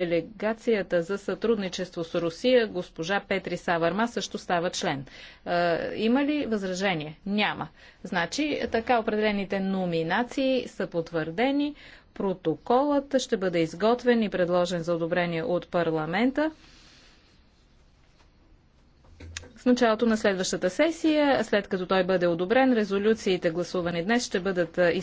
Делегацията за сътрудничество с Русия, госпожа Петри Саварма, също става член. Е, има ли възражение? Няма. Значи, така определените номинации са потвърдени. Протоколът ще бъде изготвен и предложен за одобрение от парламента. В началото на следващата сесия, след като той бъде одобрен, резолюциите гласувани днес ще бъдат изпълнени.